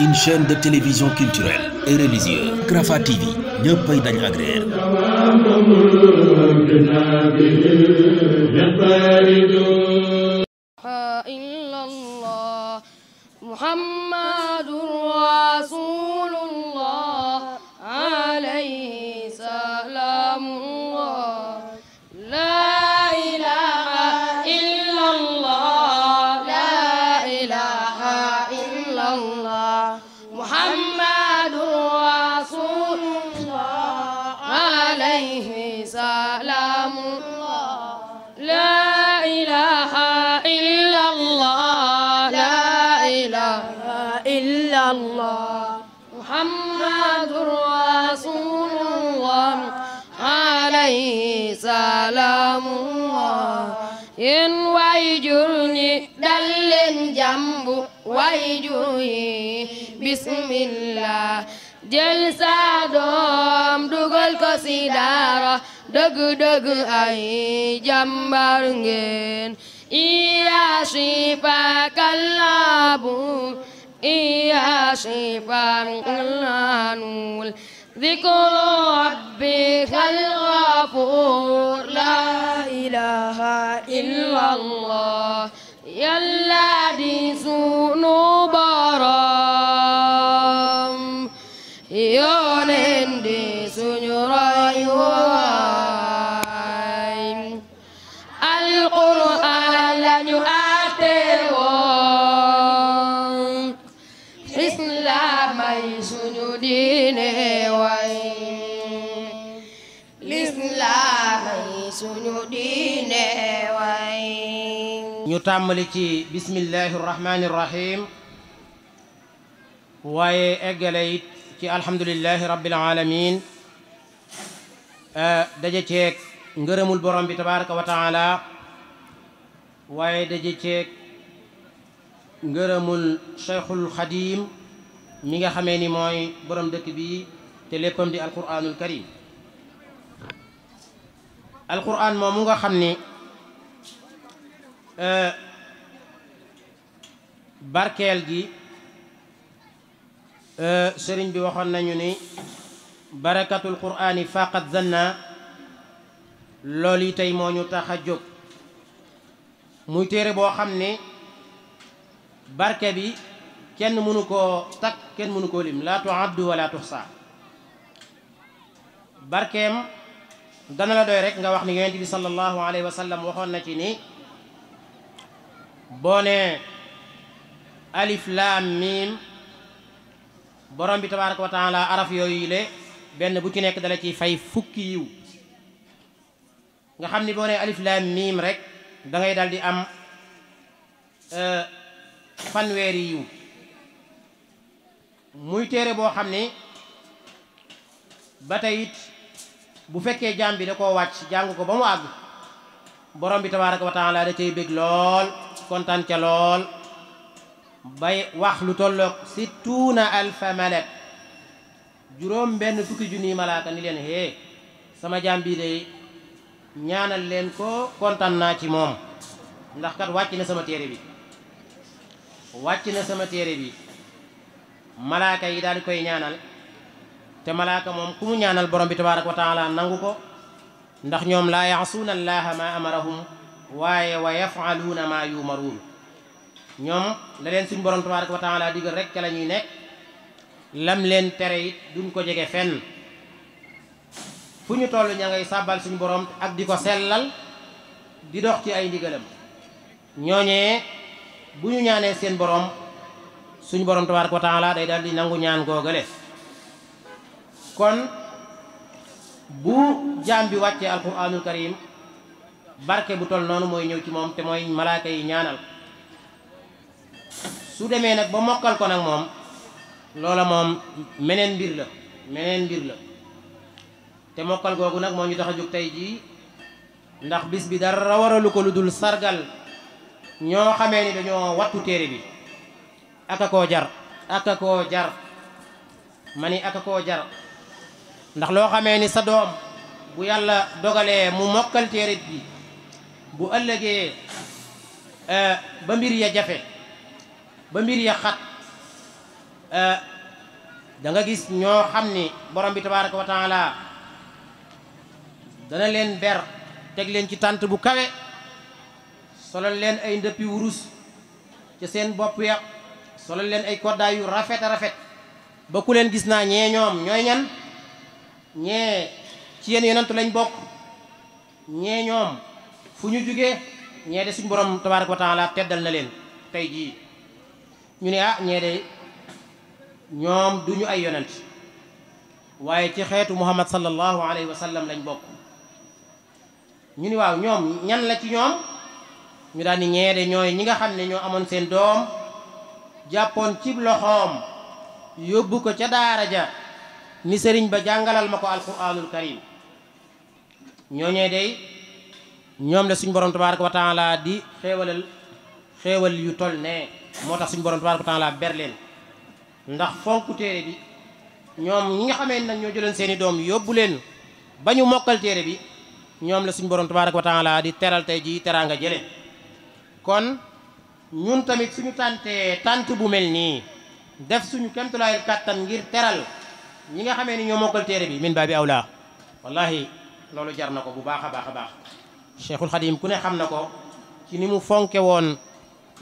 une chaîne de télévision culturelle et religieuse Rafah TV ñëppay dañ agréer euh, ay juyi bismillah jël sa doom dugal ko si daara dëgg-dëgg ay jàmbar ngeen iya sifa kallabu iya sifa lanul ذكر ربك الغفور لا إله إلا الله yàlla di sunu borom yónent di suñu roy waay alquran lañu àtte woon islaam ay suñu diine waay lislaam ay suñu ñu tàmbali ci bismillahi irrahmani irrahim waaye eggale it ci alhamdulilahi rabbil alamin daje ceeg ngërëmul borom bi tabaraka wa taala waaye daje ceeg ngërëmul cheikhul xadim mi nga xame ni mooy borom dëkk bi te léppam di alquranul karim alquran moom mu nga xam ni Euh, barkeel gi euh, sëriñ bi waxoon nañu ni barakatul quraani faqat zanna loolu yi tey moo ñu tax a jóg muy téere boo xam ne barke bi kenn mënu koo takk kenn mënu koo lim laa tuaddu wala tuxsa barkeem dana la doy rek nga wax ni yonent bi sallallahu alayhi wa sallam waxoon na ci ni boo nee alif laam miim borom bi tabaaraka wa taala araf yooyu le benn bu ci nekk dala ci fay fukki yiw nga xam ni boo nee alif laam miim rek dangay ngay dal di am euh, fanweeri yiw muy téere boo xam ni ba tey it bu fekkee jaam bi da koo wàcc jàng ko ba mu àgg borom bi tabaaraka wa da cay bég lool kontaan ca lool bay wax lu tolloog si tuuna alfa malek juróom benn fukki junniy malaaka ni leen hee sama jaam bii day ñaanal leen ko kontaan naa ci moom ndax kat wàcc na sama téere bi wàcc na sama téere bi malaaka yi daal di koy ñaanal te malaaka moom ku mu ñaanal borom bi tabaaraka wa taala nangu ko ndax ñoom laa yaxsuuna allaha ma amarahum waaye wa yafaluuna maa yumaruun ñoom la leen suñ borom tabaraka wa taala rek ca la ñuy nekk lam leen tere it duñ ko jege fenn fu ñu toll ña ngay sàbbal suñ borom ak di ko sellal di dox ci ay ndigalam ñooñee bu ñu ñaanee seen borom suñ borom tabaraka day daal di nangu ñaan googale kon bu jaam bi wàccee alquranul karim barke bu toll noonu mooy ñëw ci moom te mooy malaaka yi ñaanal su demee nag ba mokkal ko nag moom loola moom meneen mbir la meneen mbir la te mokkal googu nag moo ñu tax a jóg tey jii ndax bis bi dara waralu ko lu dul sargal ñoo xamee ni dañoo wattu téere bi aka koo jar aka koo jar mani ni aka koo jar ndax loo xamee ni sa doom bu yàlla dogalee mu mokkal téere bi bu ëllëgee euh, ba mbir ya jafe ba mbir ya xat euh, danga gis ñoo xam ni borom bi ko wa taala dana leen ber teg leen ci tànt bu kawe solal leen ay ndëppi wurus ca seen bopp ya solal leen ay koddaay yu rafet rafet ba ku leen gis naa ñee ñoom ñooy ñan ñee ci yéen yonantu lañ bokk ñee ñoom fu ñu jugee ñee suñ suñu borom tabaaraka wa taala teddal na leen tey jii ñu ni ah ñee de ñoom duñu ay yonent waaye ci xeetu muhammad sallallahu alayhi wa lañ bokk ñu ni waaw ñoom ñan la ci ñoom ñu daal ni ñee de ñooy ñi nga xam ne ñoo amoon seen doom jàppoon cib loxoom yóbbu ko ca daara ja ni sëriñ ba jàngalal ma ko alquraanul karim ñoo ñee day ñoom la suñu borom tabaaraka wa taala di xéewalal xéewal yu tol ne moo tax suñ borom tabaaraka wa taala ber leen ndax fonku téere bi ñoom ñi nga xamee nag ñoo jëleen seeni doom yóbbu leen ba ñu mokkal téere bi ñoom la suñu borom tabaaraka wa taala di teral tey ji teraanga jële kon ñun tamit suñu tàntee tànt bu mel nii def suñu kemtulaayal kàttan ngir teral ñi nga xamee ni ñoo mokkal téere bi min baabi awlaa wallahi loolu jar na ko bu baax a baax a baax cheikhul xadim ku ne xam na ko ci ni mu fonke woon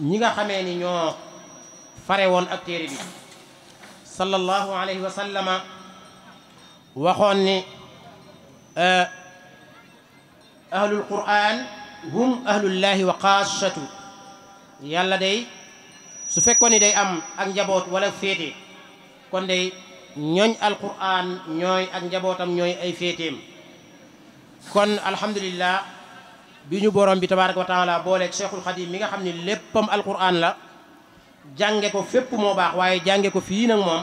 ñi nga xamee ni ñoo fare woon ak téere bi sallallahu alayhi wa sallama waxoon ni euh, ahlul quran hum ahlullahi wa xaasatu yàlla day su fekkoon ni day am ak njaboot wala féete kon day ñooñ alquran ñooy ak njabootam ñooy ay féeteem kon alhamdulillah bi ñu borom bi tabaaraka wa taala booleeg cheikhul xadim mi nga xam ne léppam alquran la jànge ko fépp moo baax waaye jànge ko fii nag moom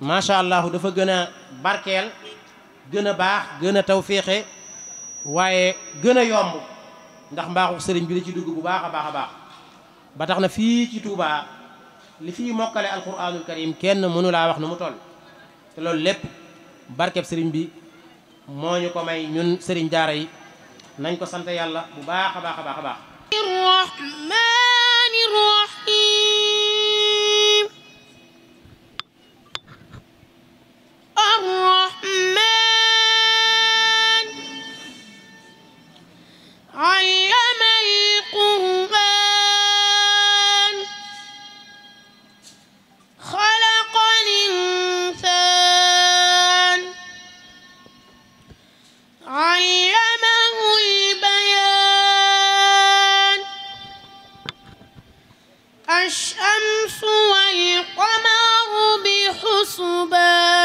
macha allah dafa gën a barkeel gën a baax gën a tawféexe waaye gën a yomb ndax mbaaxu sëriñ bi la ci dugg bu baax a baax a baax ba tax na fii ci Touba li fii mokkale alquranul karim kenn mënulaa wax nu mu toll te loolu lépp barkeb sëriñ bi moo ñu ko may ñun sëriñ daara yi nañ ko sant yàlla bu baax a baax a baax a baax rahmaani rahim arrahman صباحا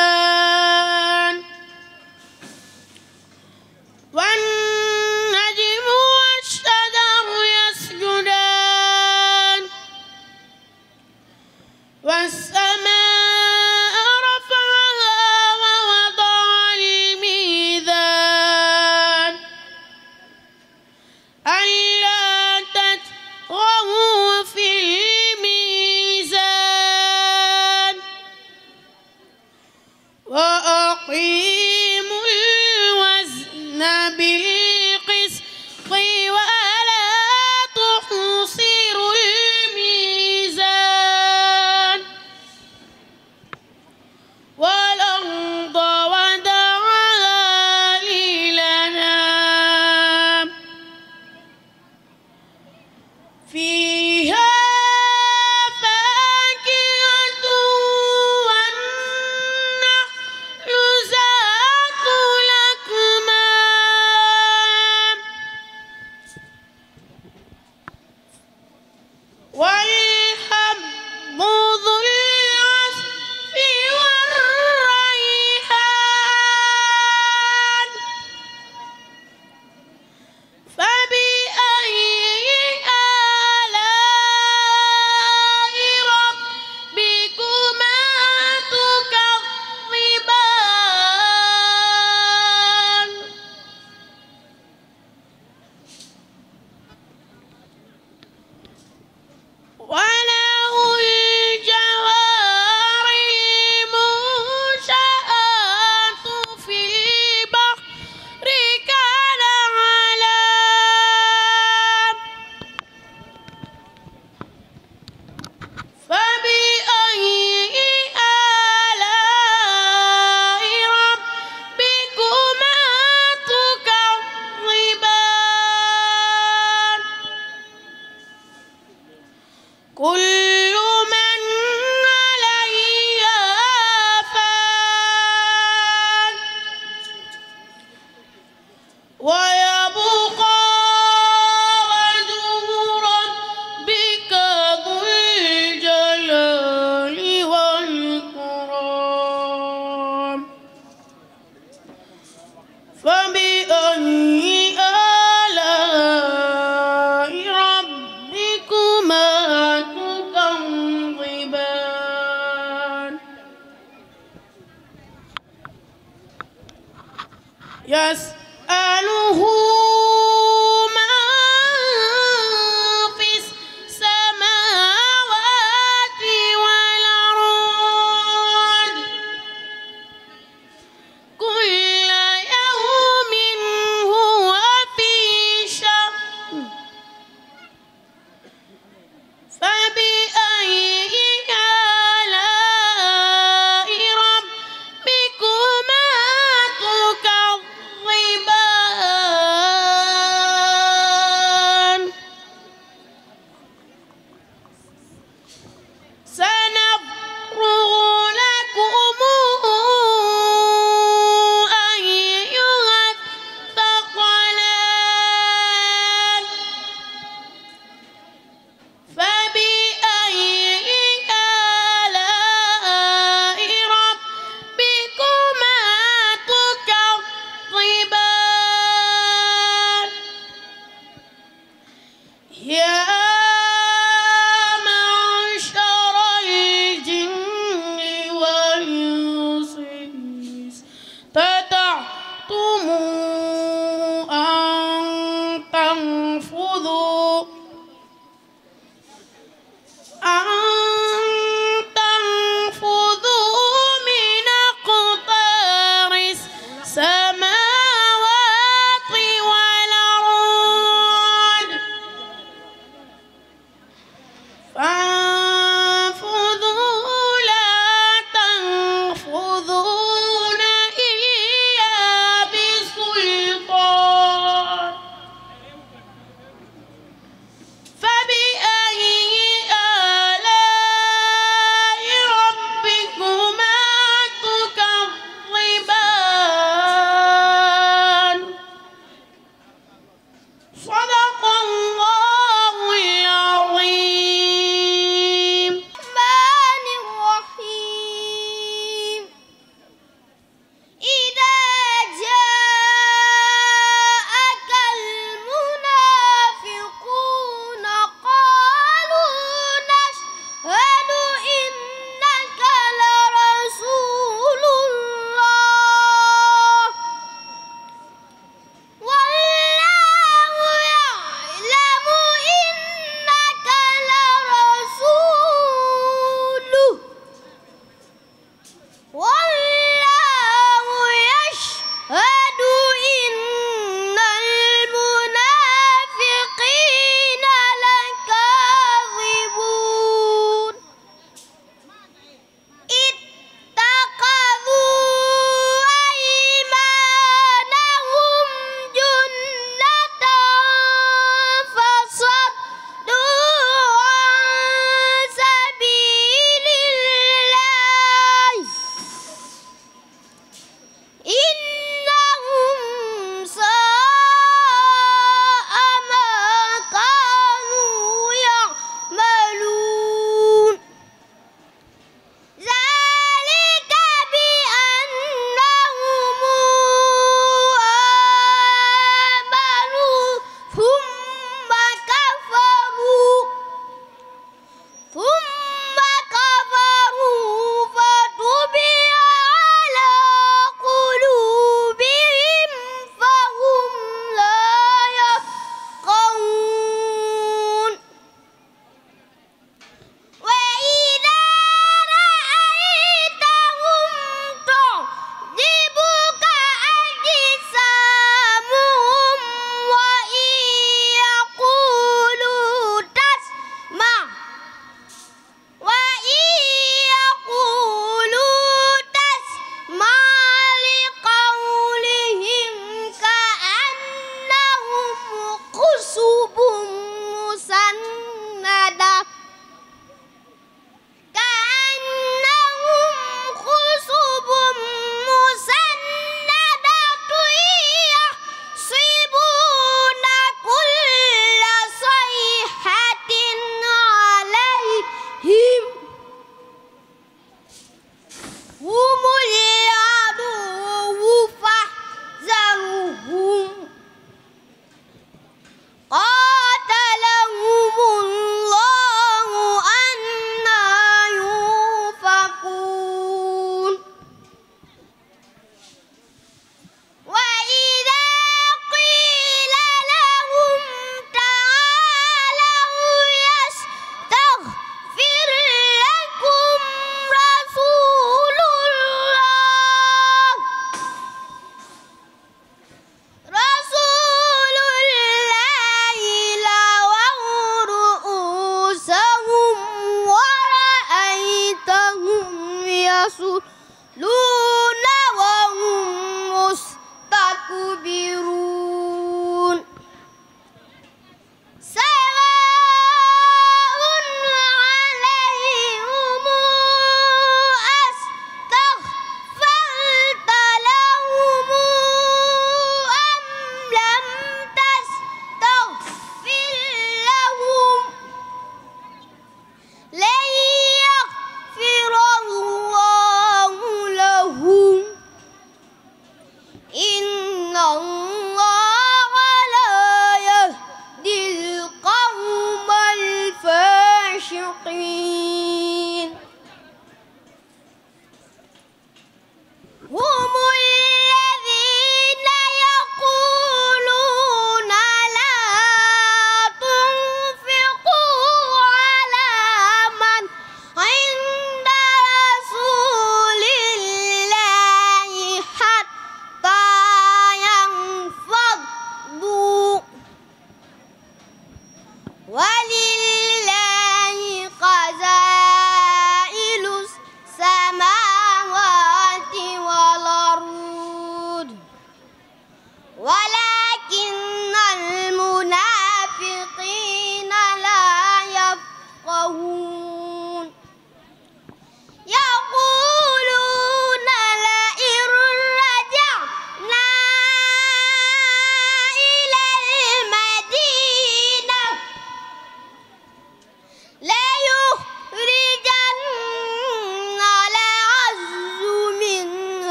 أن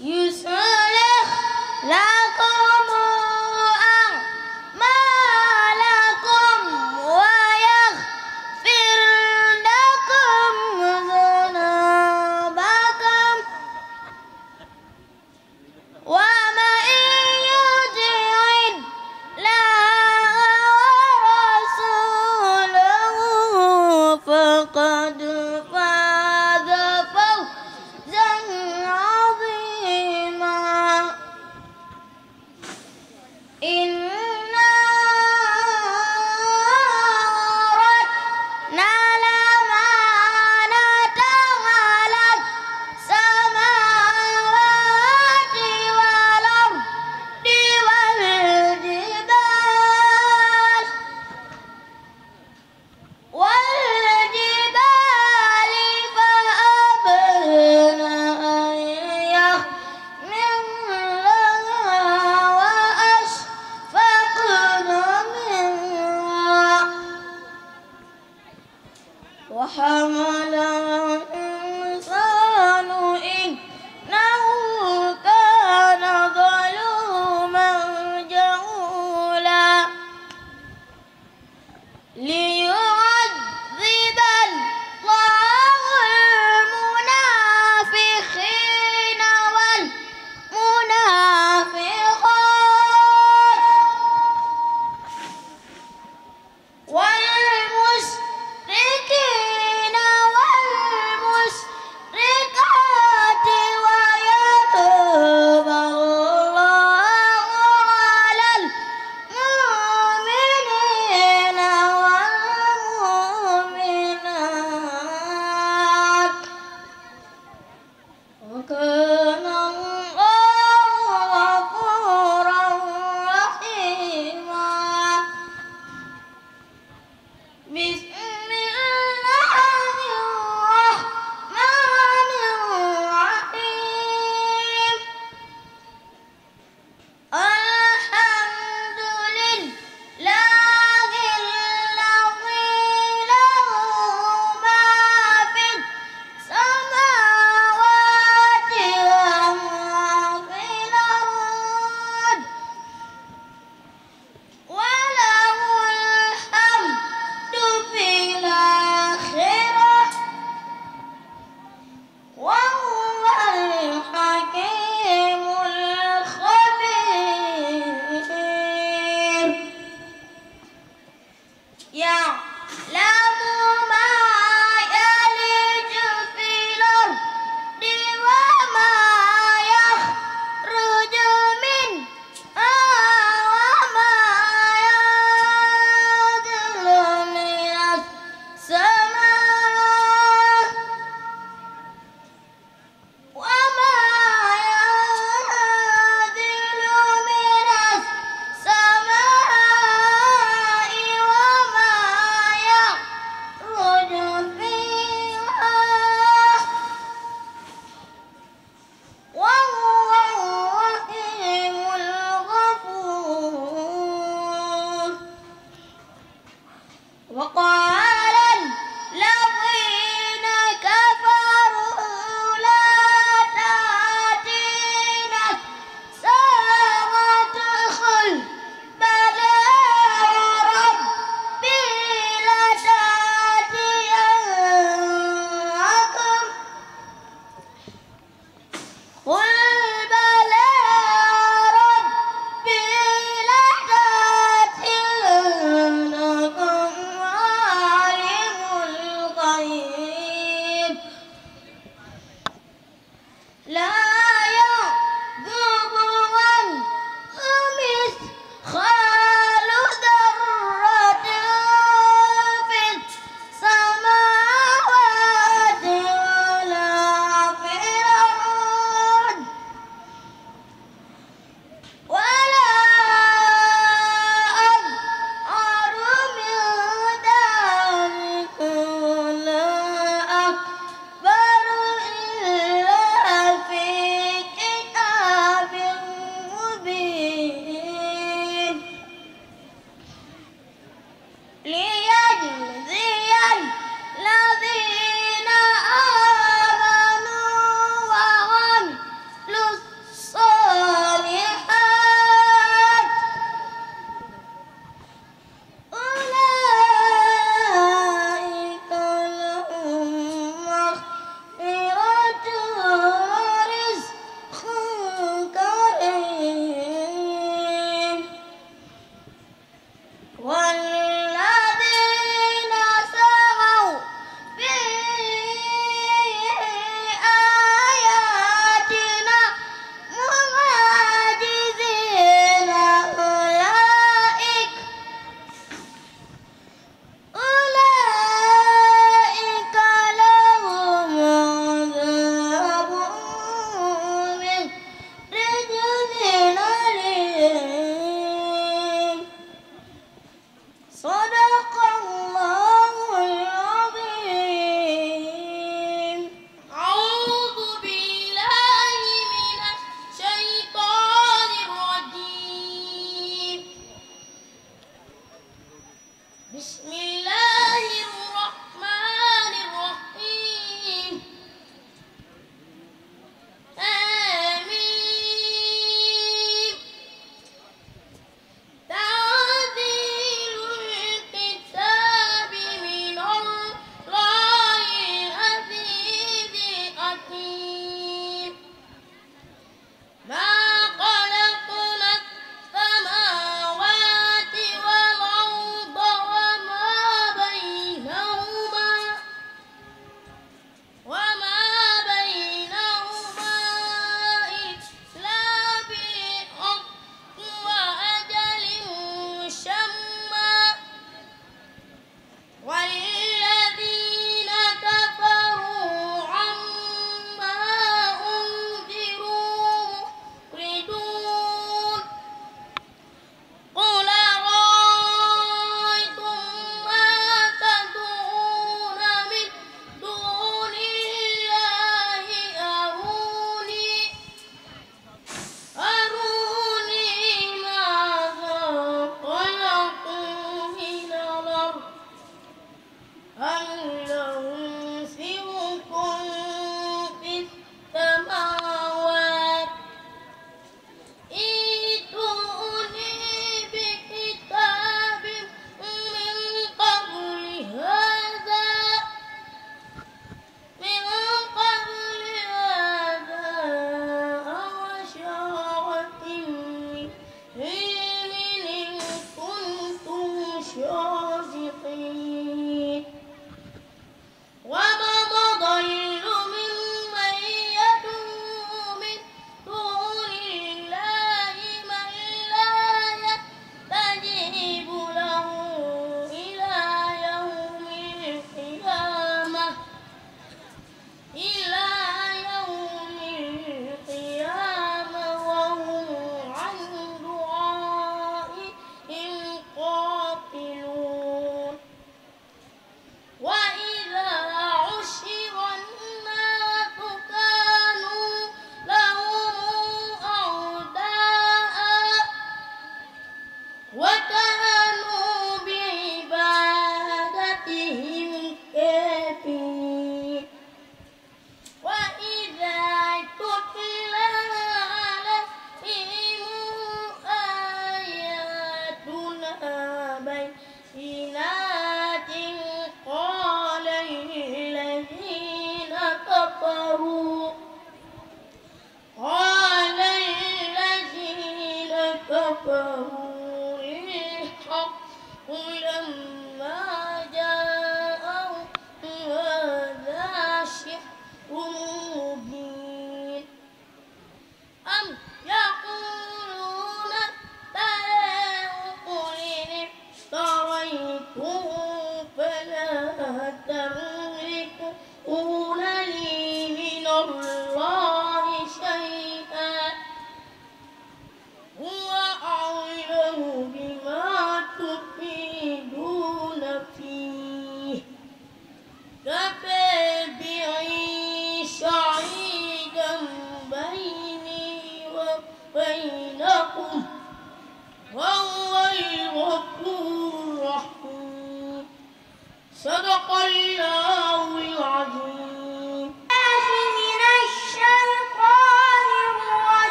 Yusuf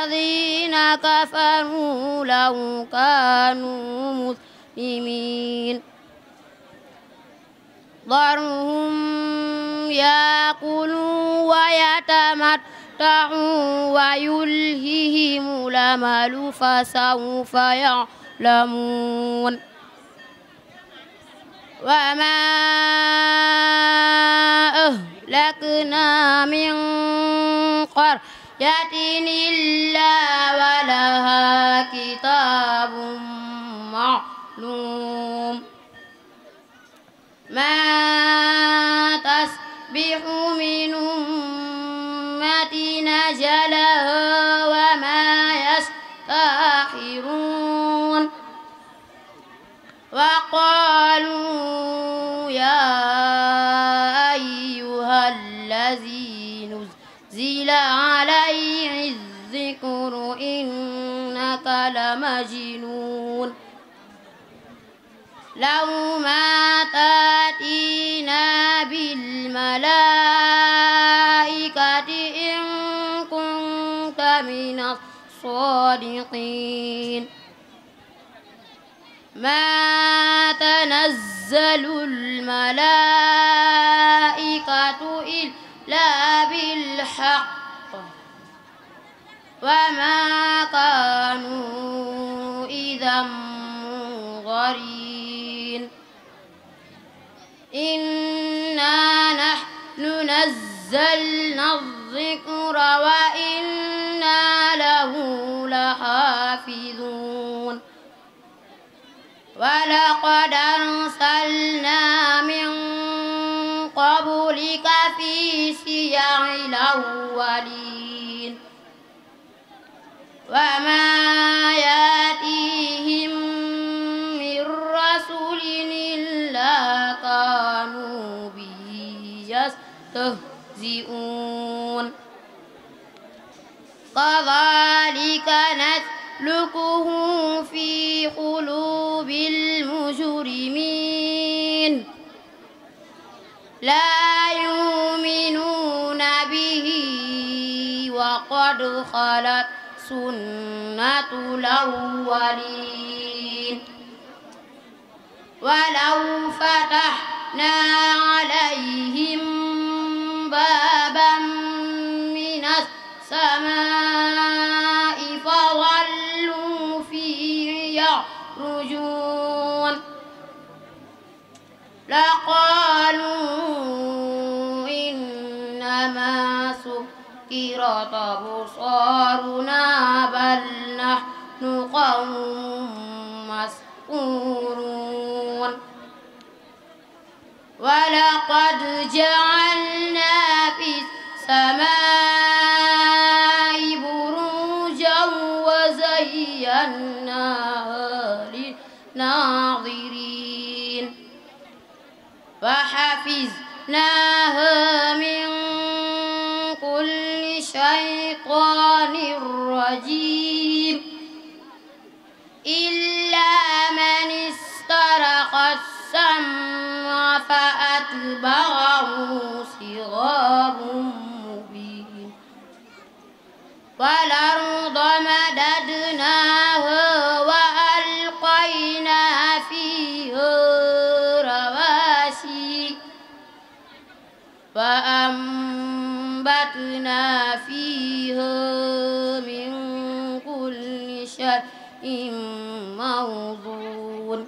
الذين كفروا لو كانوا مسلمين ذرهم يأكلوا ويتمتعوا ويلههم الأمل فسوف يعلمون وما أهلكنا من قرن حجة إلا ولها كتاب معلوم ما تسبح من أمة نجلها وما يستاخرون وقالوا يا أيها الذي نزل على النور إنك لمجنون لو ما تأتينا بالملائكة إن كنت من الصادقين ما تنزل الملائكة وما كانوا إذا منظرين إنا نحن نزلنا الذكر وإنا له لحافظون ولقد أرسلنا من قبلك في شيع الأولين تهزئون كذلك نسلكه في قلوب المجرمين لا يؤمنون به وقد خلت سنة الأولين ولو فتحنا عليهم بابا من السماء فظلوا فيه يعرجون لقالوا التذكرة بصارنا بل نحن قوم مسؤولون ولقد جعلنا في السماء بروجا وزيناها للناظرين وحفظناها من الرجيم إلا من استرق السمع فأتبعه سغاب مبين والأرض مددناها وألقينا فيها رواسي وأنبتنا فيها موضون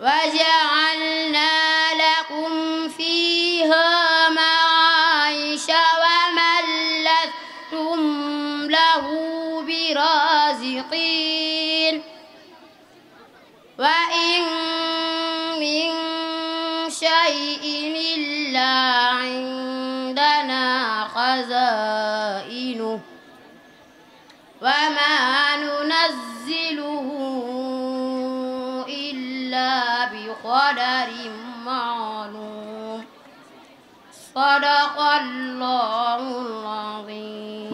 وجعلنا لكم فيها معايش ومن لستم له برازقين وإن من شيء إلا صدق الله العظيم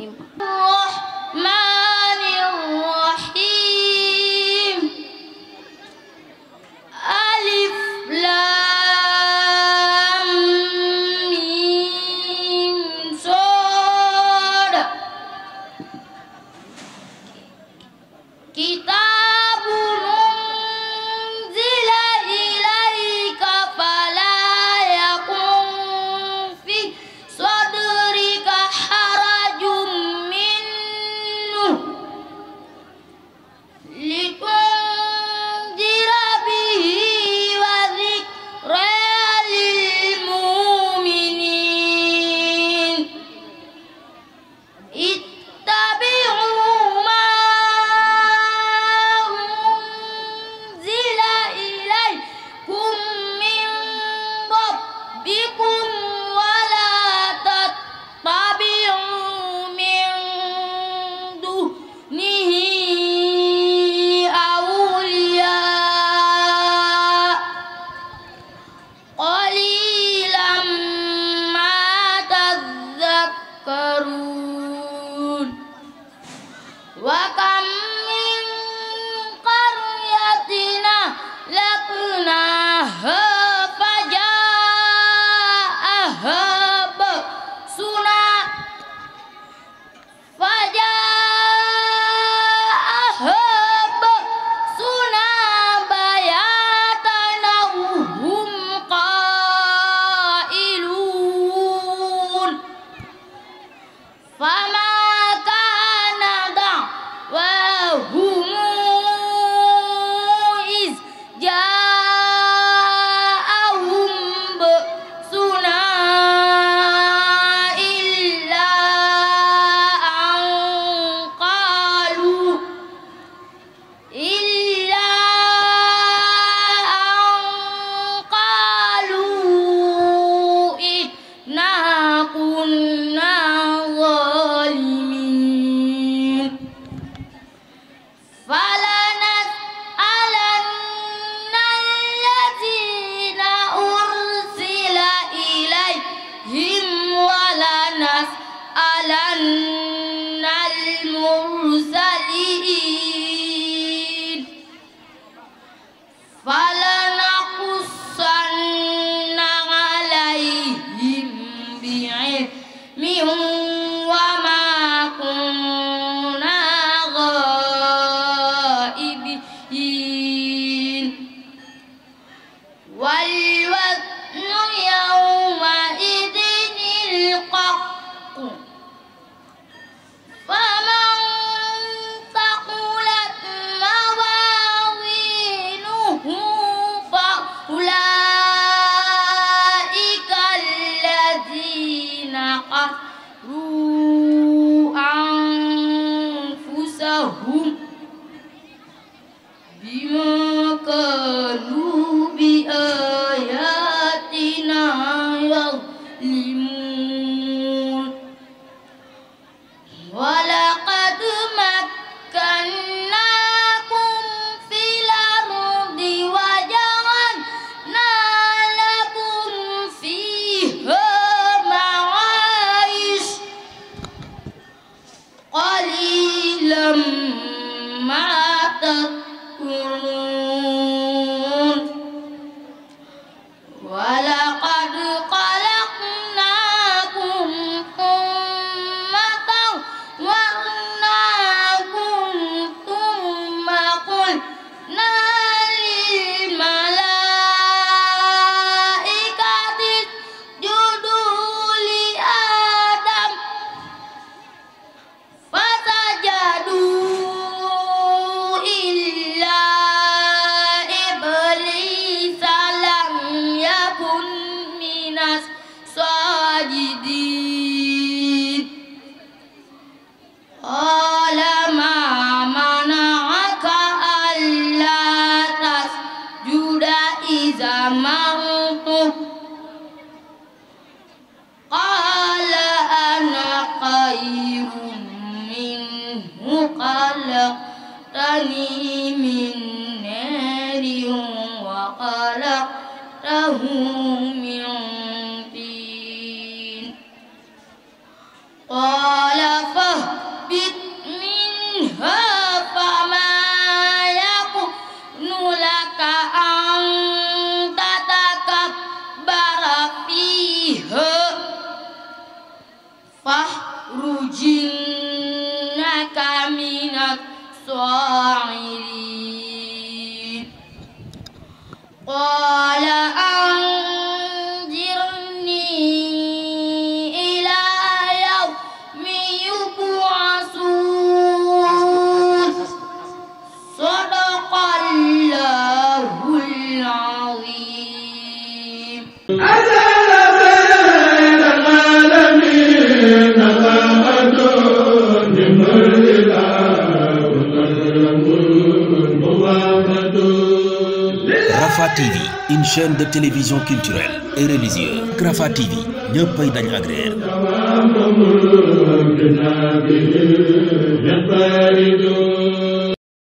télévision culturelle et religieuse Rafah TV ñëppay dañ agréer